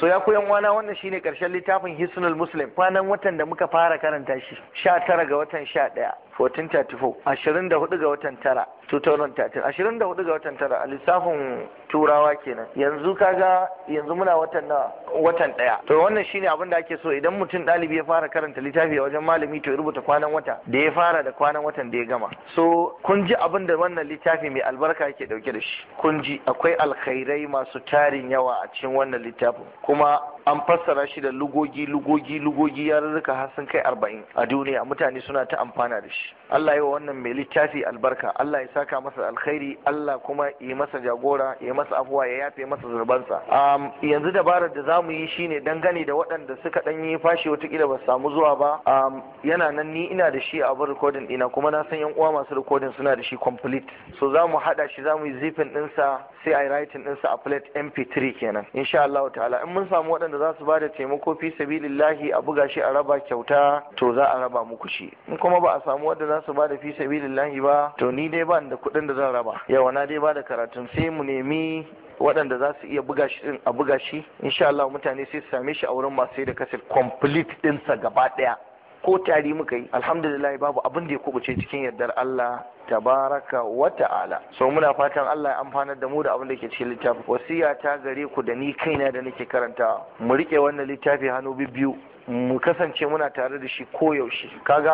so ya koyan wana wannan shine karshen littafin hisnul muslim kwanan watan da muka fara karanta shi sha tara ga watan sha ɗaya 1434 ga watan tara 2013 24 ga watan tara a lissafin turawa kenan yanzu kaga yanzu muna watan na watan daya to wannan shine abin da ake so idan mutum dalibi ya fara karanta littafi a wajen malami to ya rubuta kwanan wata da ya fara da kwanan watan da ya gama so kun ji abin da wannan littafi mai albarka yake dauke da shi kun ji akwai alkhairai masu tarin yawa a cikin wannan littafin kuma an fassara shi da lugogi lugogi lugogi yarurruka har sun kai arba'in a duniya mutane suna ta amfana da shi Allah yi wa wannan mai littafi albarka Allah ya saka masa alkhairi Allah kuma yi masa jagora ya masa afuwa ya yafe masa zurbansa yanzu dabarar da zamu yi shine dangane da waɗanda suka dan yi fashi watakila ba samu zuwa ba yana nan ni ina da shi a abin recording dina, kuma na san yan uwa masu recording suna da shi complete so zamu haɗa shi zamu yi zipin ɗinsa sai a yi writing ɗinsa a plate mp3 kenan insha Allah ta'ala in mun samu waɗanda za su bada taimako fi sabilillahi a buga shi a raba kyauta to za a raba muku shi in kuma ba a samu wanda za su bada fi sabilillahi ba to ni dai ban da kuɗin da zan raba yawa na dai bada karatun sai mu nemi waɗanda za su iya buga shi a buga shi insha Allah mutane sai su same shi a wurin masu sai da kasir complete ɗinsa gaba ɗaya ko tari muka yi alhamdulillah babu abin da ya kubuce cikin yardar Allah tabaraka wa ta'ala so muna fatan Allah ya amfanar da mu da abin da ke cikin littafi wasiya ta gare ku da ni kaina da nake karanta mu rike wannan littafi hannu biyu mu kasance muna tare da shi koyaushe kaga